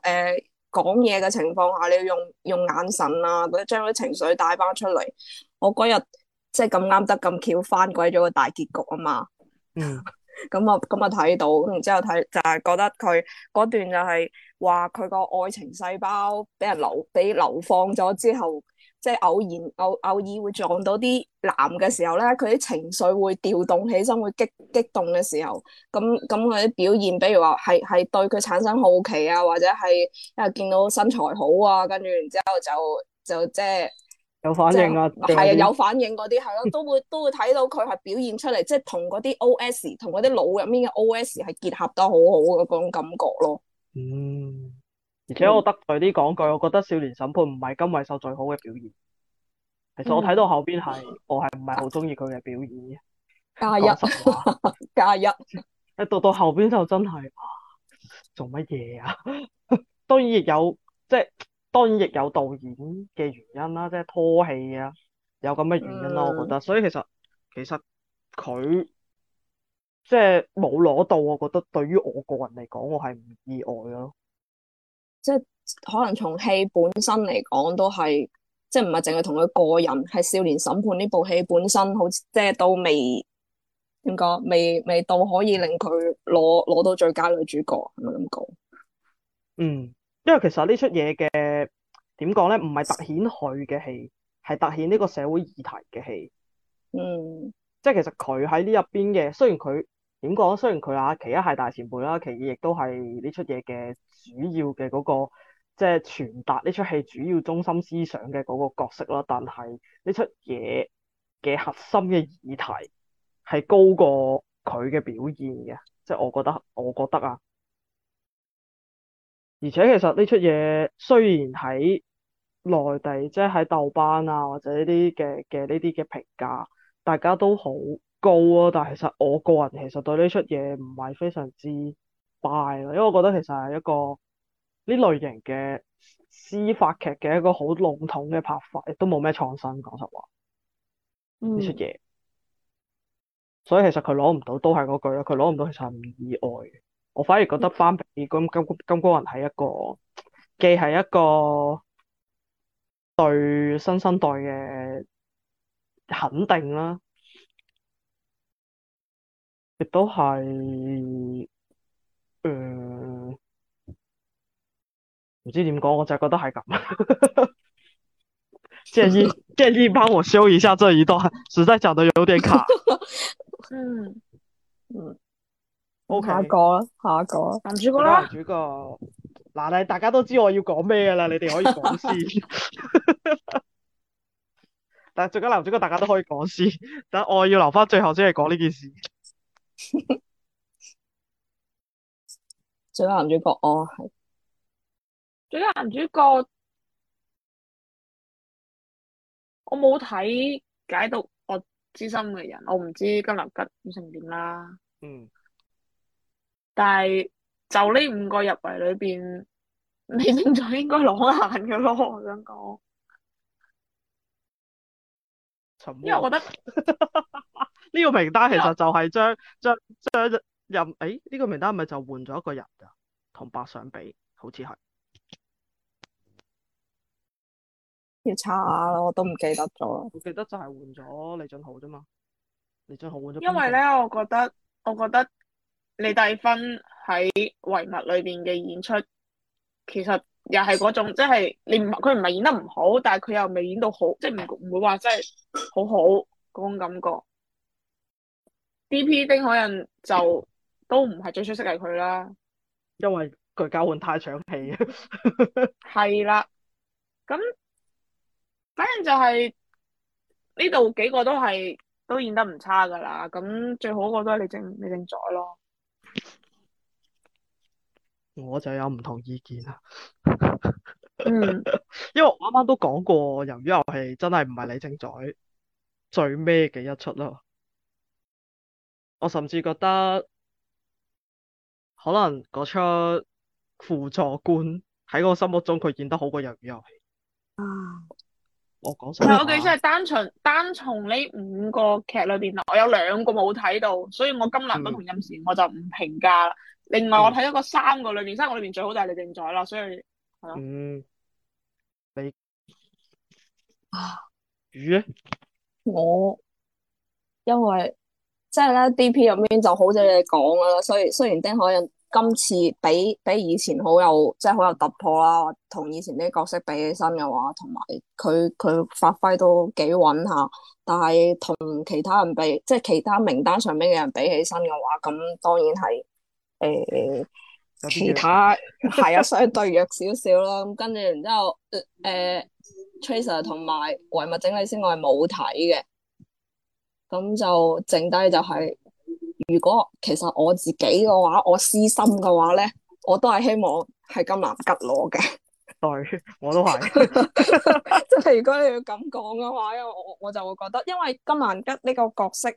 講嘢嘅情況下，你要用用眼神啊，嗰啲將啲情緒帶翻出嚟。我嗰日即係咁啱得咁橋，翻鬼咗個大結局啊嘛，咁啊咁啊睇到，然之後睇就係覺得佢嗰段就係話佢個愛情細胞俾人流俾流放咗之後。即係偶然偶偶爾會撞到啲男嘅時候咧，佢啲情緒會調動起身，會激激動嘅時候，咁咁佢啲表現，比如話係係對佢產生好奇啊，或者係啊見到身材好啊，跟住然之後就就即係有反應啊，係啊有反應嗰啲係咯，都會都會睇到佢係表現出嚟，即係同嗰啲 O.S. 同嗰啲腦入面嘅 O.S. 係結合得好好嘅嗰種感覺咯。嗯。而且我得罪啲講句，我覺得少年審判唔係金惠秀最好嘅表現。其實我睇到後邊係，嗯、我係唔係好中意佢嘅表演嘅。加一，加一。一讀到後邊就真係做乜嘢啊 當、就是，當然亦有即係當然亦有導演嘅原因啦、啊，即係拖戲啊，有咁嘅原因啦、啊。嗯、我覺得，所以其實其實佢即係冇攞到，我覺得對於我個人嚟講，我係唔意外咯。即係可能從戲本身嚟講都係，即係唔係淨係同佢個人，係《少年審判》呢部戲本身好似，即係都未點講，未未到可以令佢攞攞到最佳女主角，係咪咁講？嗯，因為其實呢出嘢嘅點講咧，唔係凸顯佢嘅戲，係凸顯呢個社會議題嘅戲。嗯，即係其實佢喺呢入邊嘅，雖然佢。點講？雖然佢啊，其一係大前輩啦，其二亦都係呢出嘢嘅主要嘅嗰個，即係傳達呢出戲主要中心思想嘅嗰個角色咯。但係呢出嘢嘅核心嘅議題係高過佢嘅表現嘅，即係我覺得，我覺得啊。而且其實呢出嘢雖然喺內地，即係喺豆瓣啊或者呢啲嘅嘅呢啲嘅評價，大家都好高啊，但係其實我個人其實對呢出嘢唔係非常之敗咯，因為我覺得其實係一個呢類型嘅司法劇嘅一個好籠統嘅拍法，亦都冇咩創新。講實話呢出嘢，嗯、所以其實佢攞唔到都係嗰句咯，佢攞唔到其實唔意外。我反而覺得翻畀咁金金高銀係一個既係一個對新生代嘅肯定啦。亦都係，誒、嗯，唔知點講，我就係覺得係咁。建議，建議幫我修一下這一段，實在講得有點卡。嗯嗯，O K。下一個啦，下一個男主角啦。男主角，嗱，大家都知我要講咩噶啦，你哋可以講先。 但係最緊，男主角大家都可以講先，但我要留翻最後先嚟講呢件事。 最佳男主角，哦，係最佳男主角，我冇睇解讀我之心嘅人，我唔知金立吉會成點啦。嗯，但係就呢五個入圍裏邊，你正俊應該攞眼噶咯，我想講，默因為我覺得。 呢個名單其實就係將 將將任誒呢個名單咪就換咗一個人啊？同白相比，好似係要查下咯，我都唔記得咗。我記得就係換咗李俊豪啫嘛，李俊豪換咗。因為咧，我覺得我覺得李麗芬喺遺物裏邊嘅演出，其實又係嗰種即係、就是、你唔佢唔係演得唔好，但係佢又未演到好，即係唔唔會話即係好好嗰種感覺。D.P. 丁海仁就都唔係最出色係佢啦，因為佢交換太搶戲。係 啦，咁反正就係呢度幾個都係都演得唔差，噶啦，咁最好嗰個都係李正李正宰咯。我就有唔同意見啊。 嗯，因為我啱啱都講過，遊戲《魷魚遊戲》真係唔係李正宰最咩嘅一出咯。我甚至覺得可能嗰出輔助官喺我心目中佢演得好過《魷魚遊戲》啊！我講實話，我其實係單純單從呢五個劇裏邊，我有兩個冇睇到，所以我金南佶同任時完、嗯、我就唔評價啦。另外我睇咗個三個裏邊，嗯、三個裏邊最好就係李正宰啦，所以係咯。嗯，你啊，魚咧？我因為。即係咧，D.P. 入面就好似你講噶啦，所以雖然丁海寅今次比比以前好有，即係好有突破啦，同以前啲角色比起身嘅話，同埋佢佢發揮都幾穩下，但係同其他人比，即係其他名單上面嘅人比起身嘅話，咁當然係誒其他係有 相對弱少少啦。跟住然之後，誒呃呃 Tracer 同埋維物整理先我，我係冇睇嘅。咁就剩低就係、是，如果其實我自己嘅話，我私心嘅話咧，我都係希望係金南吉攞嘅。對，我都係。即係如果你要咁講嘅話，我我就會覺得，因為金南吉呢個角色，誒、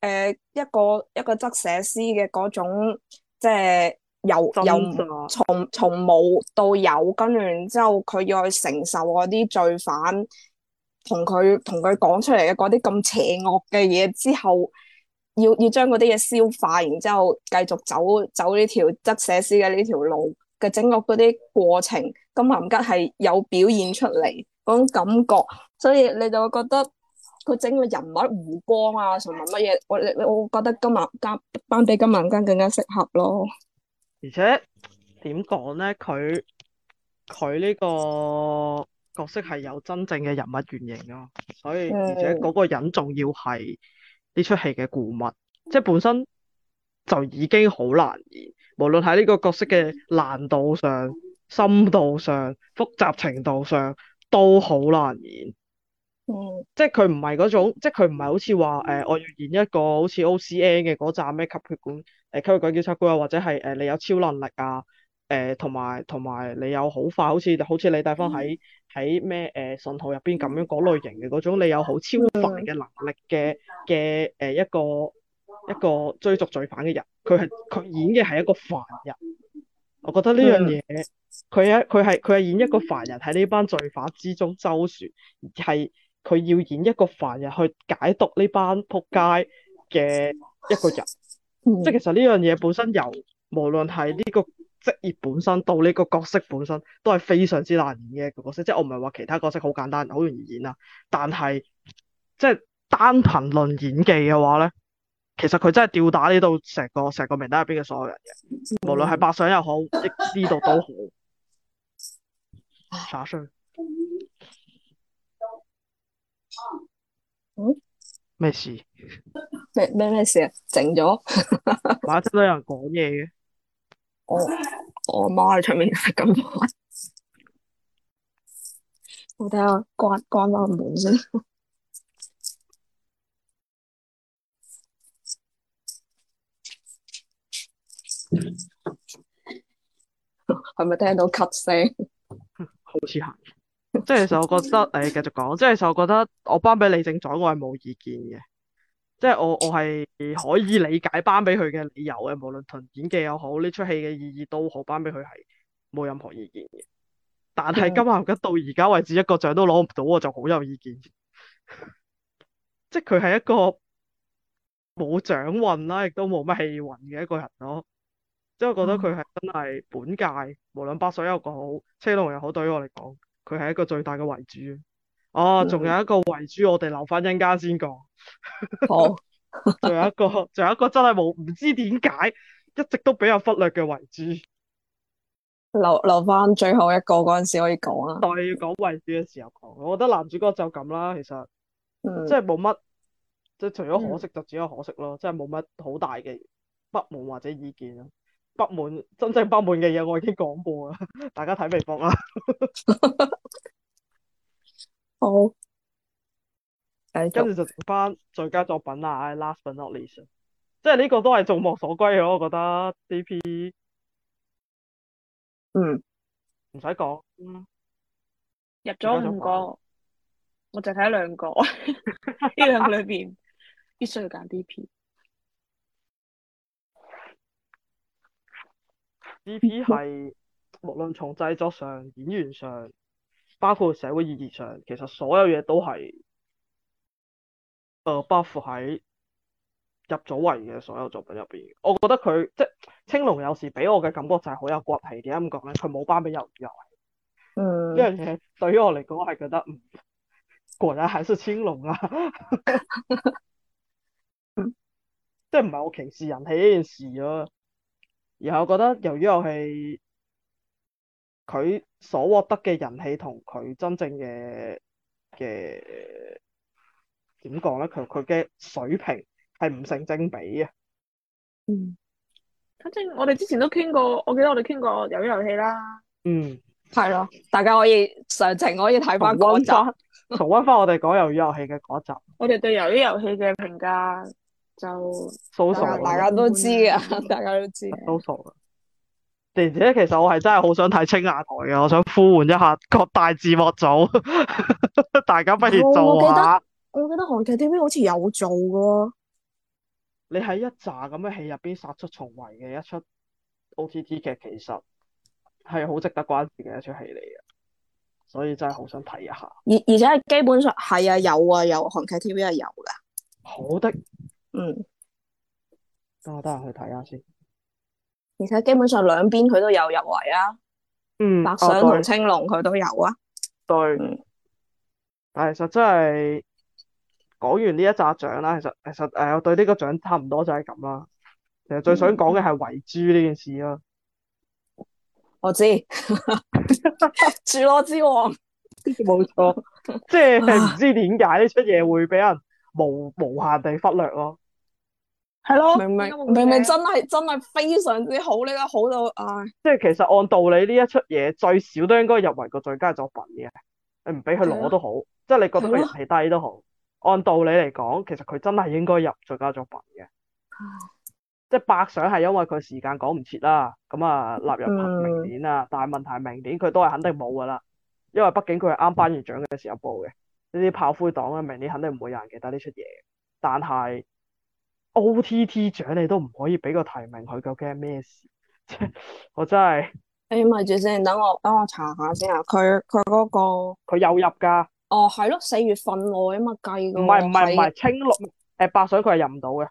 呃、一個一個側寫師嘅嗰種，即係由由從從冇到有，跟住之後佢要去承受嗰啲罪犯。同佢同佢講出嚟嘅嗰啲咁邪惡嘅嘢之後要，要要將嗰啲嘢消化，然之後繼續走走呢條側寫師嘅呢條路嘅整個嗰啲過程，金南佶係有表現出嚟嗰種感覺，所以你就會覺得佢整個人物弧光啊，同埋乜嘢？我我覺得金南佶班比金南佶更加適合咯。而且點講咧？佢佢呢、這個。角色係有真正嘅人物原型咯，所以而且嗰個人仲要係呢出戲嘅顧問，即係本身就已經好難演。無論喺呢個角色嘅難度上、深度上、複雜程度上，都好難演。嗯、即係佢唔係嗰種，即係佢唔係好似話誒，我要演一個好似 O C N 嘅嗰站咩吸血管誒、呃、吸血鬼檢察官，啊，或者係誒、呃、你有超能力啊。誒，同埋同埋，有有你有好快，好似好似李大方喺喺咩誒，信號入邊咁樣嗰類型嘅嗰種，你有好超凡嘅能力嘅嘅誒，一個一個追逐罪犯嘅人，佢係佢演嘅係一個凡人。我覺得呢樣嘢，佢一佢係佢係演一個凡人喺呢班罪犯之中周旋，係佢要演一個凡人去解讀呢班仆街嘅一個人。嗯、即係其實呢樣嘢本身由無論係呢個。職業本身到呢個角色本身都係非常之難演嘅角色，即係我唔係話其他角色好簡單好容易演啊，但係即係單憑論演技嘅話咧，其實佢真係吊打呢度成個成個名單入邊嘅所有人嘅，無論係百想又好，亦知道都好，耍。嗯？咩事？咩咩咩事啊？整咗？點解今日有人講嘢嘅？我我阿媽喺出面咁，我睇下關關翻門先，係 咪、嗯、聽到吸聲？ 好似係，啊，即係其實我覺得誒，繼 續講，即係其實我覺得我頒俾李政宰，我係冇意見嘅。即係我我係可以理解頒俾佢嘅理由嘅，無論同演技又好，呢出戲嘅意義都好，頒俾佢係冇任何意見嘅。但係今瀚吉到而家為止一個獎都攞唔到，我就好有意見。 即係佢係一個冇獎運啦，亦都冇乜氣運嘅一個人咯。即係我覺得佢係真係本屆、嗯、無論百想又好，青龍又好，對，對於我嚟講，佢係一個最大嘅遺珠。哦，仲、oh, mm. 有一個遺珠，我哋留翻一間先講。好，仲有一個，仲有一個真係冇，唔知點解一直都比較忽略嘅遺珠。留留翻最後一個嗰陣時可以講啊。當你要講遺珠嘅時候講。我覺得男主角就咁啦，其實、mm. 即係冇乜，即係除咗可惜就只有可惜咯，mm. 即係冇乜好大嘅不滿或者意見。不滿，真正不滿嘅嘢我已經講過啦，大家睇微博啦。 好，誒，跟住就剩翻最佳作品啦，last but not least，即係呢個都係眾望所歸咯，我覺得 D P，嗯，唔使講，入咗五個，我就睇兩個，呢兩個裏邊必須要揀 D P，D P 係無論從製作上、演員上。包括社會意義上，其實所有嘢都係，誒，包括喺入咗圍嘅所有作品入邊，我覺得佢即係青龍有時俾我嘅感覺就係好有骨氣。點解咁講咧？佢冇頒俾魷魚遊戲，呢樣嘢對於我嚟講係覺得，嗯，果然還是青龍啊！即唔係我歧視人氣呢件事啊！然後我覺得魷魚遊戲。佢所獲得嘅人氣同佢真正嘅嘅點講咧？佢佢嘅水平係唔成正比啊。嗯，反正我哋之前都傾過，我記得我哋傾過魷魚遊戲啦。嗯，係咯，大家可以常情可以睇翻嗰集，重温翻我哋講魷魚遊戲嘅嗰集。 我哋對魷魚遊戲嘅評價就都熟，大家都知啊，大家都知。都熟。電視，其實我係真係好想睇《青瓦台》嘅，我想呼喚一下各大字幕組， 大家不如做下。我、哦、我記得韓劇 TV 好似有做噶。你喺一紮咁嘅戲入邊殺出重圍嘅一出 OTT 劇，其實係好值得關注嘅一出戲嚟嘅，所以真係好想睇一下。而而且基本上係啊，有啊，有韓劇 TV 係有噶。好的，嗯，等我得閒去睇下先。而且基本上兩邊佢都有入圍啊，嗯，白相同青龍佢都有啊。哦、對、嗯但其就是，其實真係講完呢一扎獎啦，其實其實誒，我對呢個獎差唔多就係咁啦。其實最想講嘅係遺珠呢件事咯、嗯。我知， 住落之王、 就是、知王，冇錯，即係唔知點解呢出嘢會俾人無無限地忽略咯。係咯，明明 Okay. 明明真係真係非常之好呢、這個好到唉！哎、即係其實按道理呢一出嘢最少都應該入圍個最佳作品嘅，你唔俾佢攞都好，啊、即係你覺得佢人氣低都好。按道理嚟講，其實佢真係應該入最佳作品嘅。嗯、即係百想係因為佢時間趕唔切啦，咁啊納入明年啊，嗯、但係問題明年佢都係肯定冇噶啦，因為畢竟佢係啱頒完獎嘅時候播嘅呢啲炮灰黨咧，明年肯定唔會有人記得呢出嘢。但係。O T T 獎你都唔可以俾個提名佢，究竟係咩事？ 我真係的，你咪住先，等我等我查下先啊。佢佢嗰個，佢有入噶。哦，係咯，四月份內啊嘛計。唔係唔係唔係青龍誒、欸，白水佢係入唔到嘅。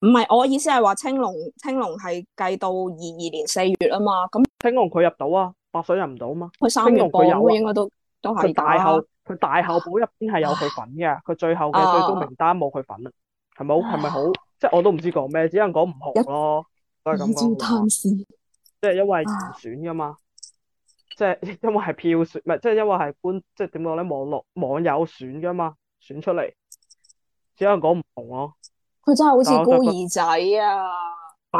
唔係我意思係話青龍，青龍係計到二二年四月啊嘛。咁青龍佢入到啊，白水入唔到啊嘛。佢三月入？應該都，都係大後佢大後補入邊係有佢份嘅，佢 最後嘅最終名單冇佢份。啊。 係咪好？係咪好？即係我都唔知講咩，只能講唔紅咯。都係咁講。即係因為唔選噶嘛，即係因為係票選，唔係即係因為係官，即係點講咧？網絡網友選噶嘛，選出嚟，只能講唔紅咯。佢真係好似孤兒仔啊！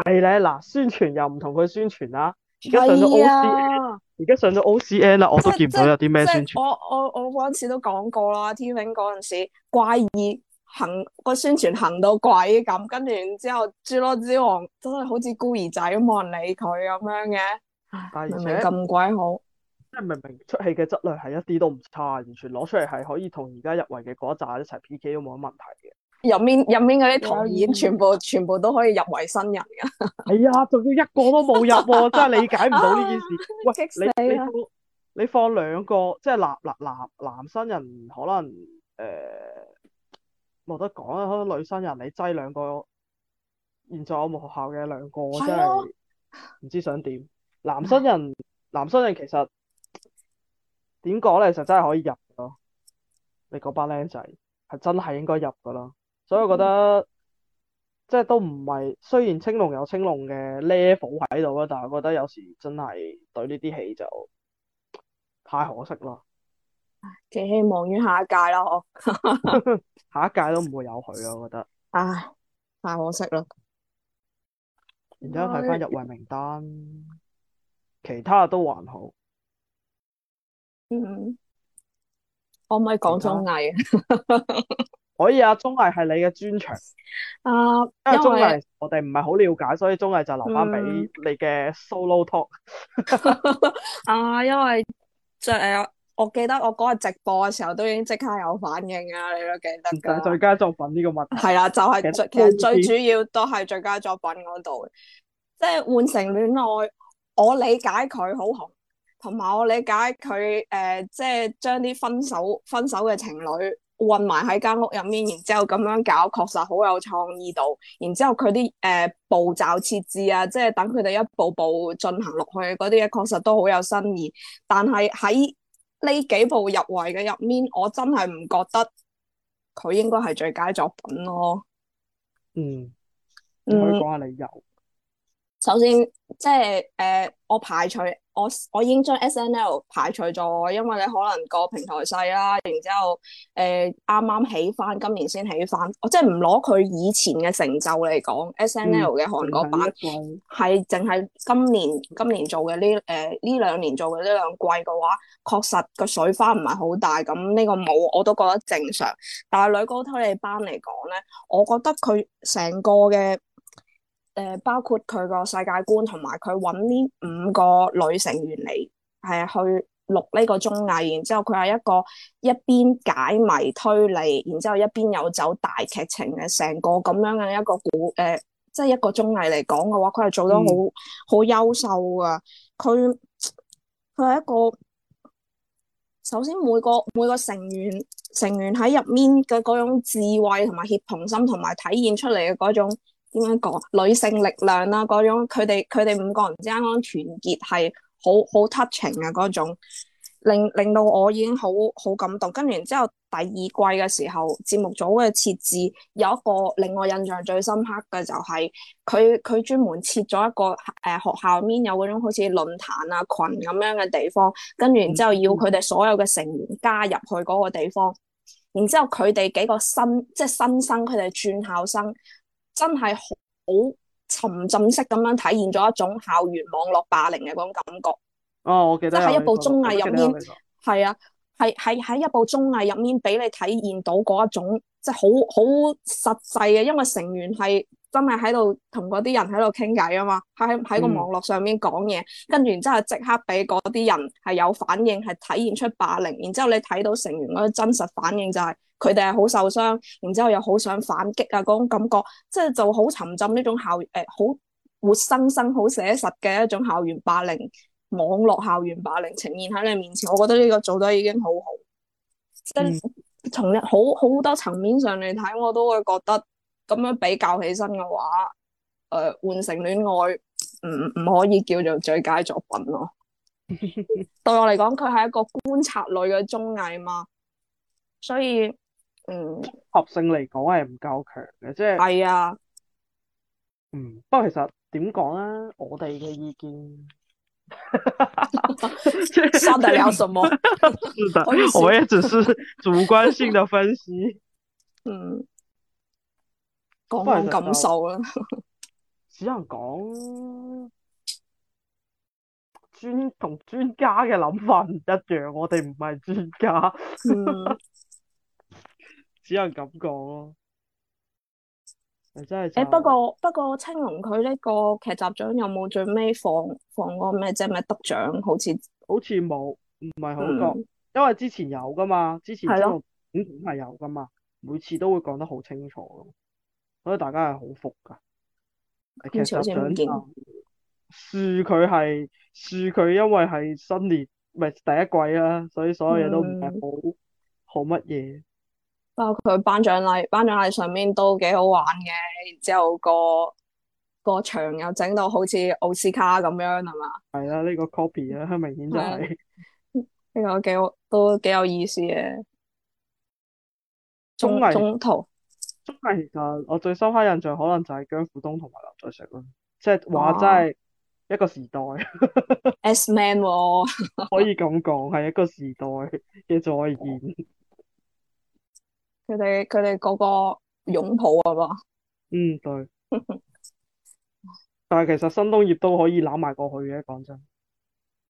係咧嗱，宣傳又唔同佢宣傳啦。而家上咗 O C N，而家上咗 O C N 啦，我都見唔到有啲咩宣傳。我我我嗰陣時都講過啦，天 i 嗰陣時怪異。行個宣傳行到鬼咁，跟住然之後《侏羅之王》真係好似孤兒仔咁，冇人理佢咁樣嘅，唔係咁鬼好，即係明明出戲嘅質量係一啲都唔差，完全攞出嚟，係可以同而家入圍嘅嗰一扎一齊 PK 都冇乜問題嘅。入面入面嗰啲童演全部全部都可以入圍新人嘅。哎呀，仲要一個都冇入，真係理解唔到呢件事。喂，你你你放兩個，即係男男男男新人，可能誒。冇得講啊，好多女生人你擠兩個，現在我們學校嘅兩個真係唔知想點。 男生人，男生人其實點講咧，其實真係可以入咯。你嗰班僆仔係真係應該入噶咯，所以我覺得、嗯、即係都唔係，雖然青龍有青龍嘅 level 喺度啦，但係我覺得有時真係對呢啲戲就太可惜啦。寄希望於下一屆啦， 下一屆都唔會有佢啊，我覺得。唉，太可惜啦。然之後睇翻入圍名單， 其他都還好。嗯，我咪講綜藝。中藝 可以啊，綜藝係你嘅專長啊，uh, 因為綜藝為我哋唔係好了解，所以綜藝就留翻俾、um, 你嘅 solo talk。啊 ，uh, 因為即係。就是我記得我嗰日直播嘅時候都已經即刻有反應啊，你都記得噶。最佳作品呢個問題係啦，就係最， 其實最主要都係最佳作品嗰度，即係換成戀愛我，我理解佢好紅，同埋我理解佢誒，即係將啲分手分手嘅情侶混埋喺間屋入面，然之後咁樣搞，確實好有創意度。然之後佢啲誒步驟設置啊，即係等佢哋一步步進行落去嗰啲嘢，確實都好有新意。但係喺呢幾部入圍嘅入面，我真係唔覺得佢應該係最佳作品咯。嗯，可以講下理由。嗯。首先，即係誒、呃，我排除我我已經將 S N L 排除咗，因為你可能個平台細啦，然之後誒啱啱起翻，今年先起翻。我即係唔攞佢以前嘅成就嚟講，S、嗯、S N L 嘅韓國版係淨係今年今年做嘅呢誒呢兩年做嘅呢兩季嘅話，確實個水花唔係好大。咁呢個冇我都覺得正常。但係女高推理班嚟講咧，我覺得佢成個嘅。誒包括佢個世界觀同埋佢揾呢五個女成員嚟誒去錄呢個綜藝，然之後佢係一個一邊解謎推理，然之後一邊有走大劇情嘅成個咁樣嘅一個古，誒、呃，即、就、係、是、一個綜藝嚟講嘅話，佢係做得、嗯、好好優秀噶。佢佢係一個首先每個每個成員成員喺入面嘅嗰種智慧同埋協同心同埋體現出嚟嘅嗰種。點樣講女性力量啦、啊？嗰種佢哋佢哋五個人之間咁團結，係好好 touching 啊嗰種，令令到我已經好好感動。跟住然後之後第二季嘅時候，節目組嘅設置有一個令我印象最深刻嘅就係佢佢專門設咗一個誒、呃、學校面有嗰種好似論壇啊群咁樣嘅地方，跟住然後之後要佢哋所有嘅成員加入去嗰個地方。然後之後佢哋幾個新即係新生，佢哋轉校生。真係好沉浸式咁樣體現咗一種校園網絡霸凌嘅嗰種感覺。哦，我記得喺一部綜藝入面，係啊，係係喺一部綜藝入面俾你體現到嗰一種即係好好實際嘅，因為成員係真係喺度同嗰啲人喺度傾偈啊嘛，喺喺個網絡上面講嘢，跟住、嗯、然之後即刻俾嗰啲人係有反應，係體現出霸凌，然之後你睇到成員嗰真實反應就係、是。佢哋係好受傷，然之後又好想反擊啊！嗰種感覺即係就好沉浸呢種校園、誒、呃、好活生生、好寫實嘅一種校園霸凌、網絡校園霸凌呈現喺你面前。我覺得呢個做得已經好好，即係從好好、好多層面上嚟睇，我都會覺得咁樣比較起身嘅話，誒、呃，換成戀愛唔唔可以叫做最佳作品咯。對我嚟講，佢係一個觀察類嘅綜藝嘛，所以。嗯，合性嚟講係唔夠強嘅，即係係啊，嗯，不過其實點講咧，我哋嘅意見，上得了什麼？是的， 我一直是主觀性的分析，嗯，講感受啦，只能講專同專家嘅諗法唔一樣，我哋唔係專家。 嗯只能咁講咯，真係誒、就是欸、不過不過青龍佢呢個劇集獎有有獎，有冇最尾放放個咩啫？咩得獎好似好似冇，唔係好講，因為之前有噶嘛，之前青係的、嗯、有噶嘛，每次都會講得好清楚噶，所以大家係好服噶。其實上樹佢係樹佢，因為係新年唔係第一季啊，所以所有嘢都唔係好學乜嘢。嗯包括佢頒獎禮，頒獎禮上面都幾好玩嘅，然之後個個場又整到好似奧斯卡咁樣，係嘛？係啦，呢 個 copy 啦，啊，明顯就係呢個幾好，都幾有意思嘅。中途中，途中途，中途其實我最深刻印象可能就係姜虎東同埋劉在石啦，即係話真係一個時代。 s, s man，哦， 可以咁講，係一個時代嘅再現。 佢哋佢哋嗰個擁抱啊嘛，嗯對， 但係其實新東業都可以攬埋過去嘅，講真，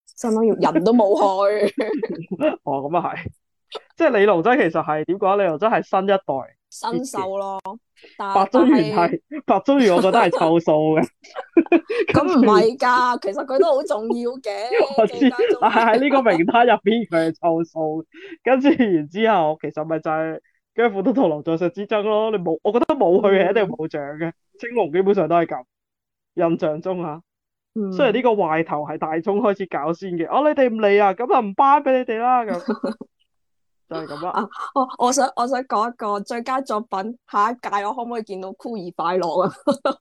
新東業人都冇去， 哦咁啊係，即係李龍真其實係點講？李龍真係新一代新秀咯，但但白中元係 白中元，我覺得係湊數嘅，咁唔係噶，其實佢都好重要嘅， 我知道， 但係喺呢個名單入邊佢係湊數，跟住然後之後其實咪就係。跟住都徒勞在上之爭咯，你冇，我覺得冇佢嘅一定冇獎嘅，青龍基本上都係咁，印象中吓、啊。雖然呢個壞頭係大眾開始搞先嘅，哦你哋唔理啊，咁、啊、就唔頒俾你哋啦，咁就係咁啦。我我想我想講一個最佳作品，下一屆我可唔可以見到酷兒快樂啊？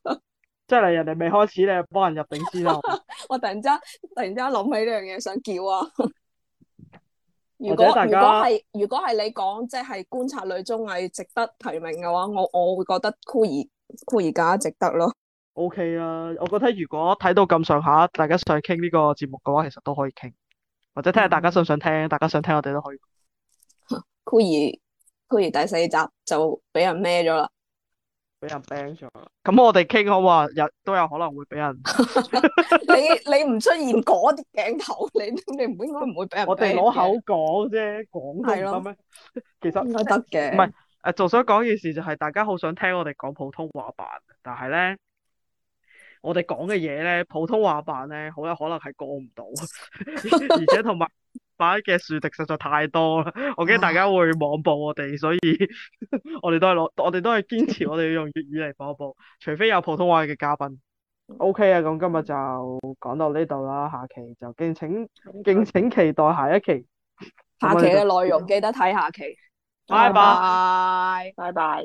即係嚟人哋未開始，你就幫人入定先，啦。 我突然之間突然之間諗起呢樣嘢，想叫啊！ 如果大家如果係如果係你講即係觀察類綜藝值得提名嘅話，我我會覺得《酷兒酷兒家》值得咯。O、okay、K 啊，我覺得如果睇到咁上下，大家想傾呢個節目嘅話，其實都可以傾，或者睇下大家想唔想，、嗯、想聽，大家想聽我哋都可以。酷兒酷兒第四集就俾人孭咗啦。俾人 bang 咗，咁我哋傾好話，有都有可能會俾人。 你你唔出現嗰啲鏡頭，你你唔應該唔會俾人。我哋攞口講啫，講係咯咩？哦，其實應該得嘅。唔係誒，仲想講件事就係，大家好想聽我哋講普通話版，但係咧，我哋講嘅嘢咧，普通話版咧，好有可能係過唔到， 而且同埋。擺嘅樹敵實在太多啦，我驚大家會網暴我哋， 所以我哋都係攞，我哋都係堅持我哋要用粵語嚟播報，除非有普通話嘅嘉賓。O K 啊，咁今日就講到呢度啦，下期就敬請敬請期待下一期，下期嘅內容 記得睇下期。拜拜，拜拜。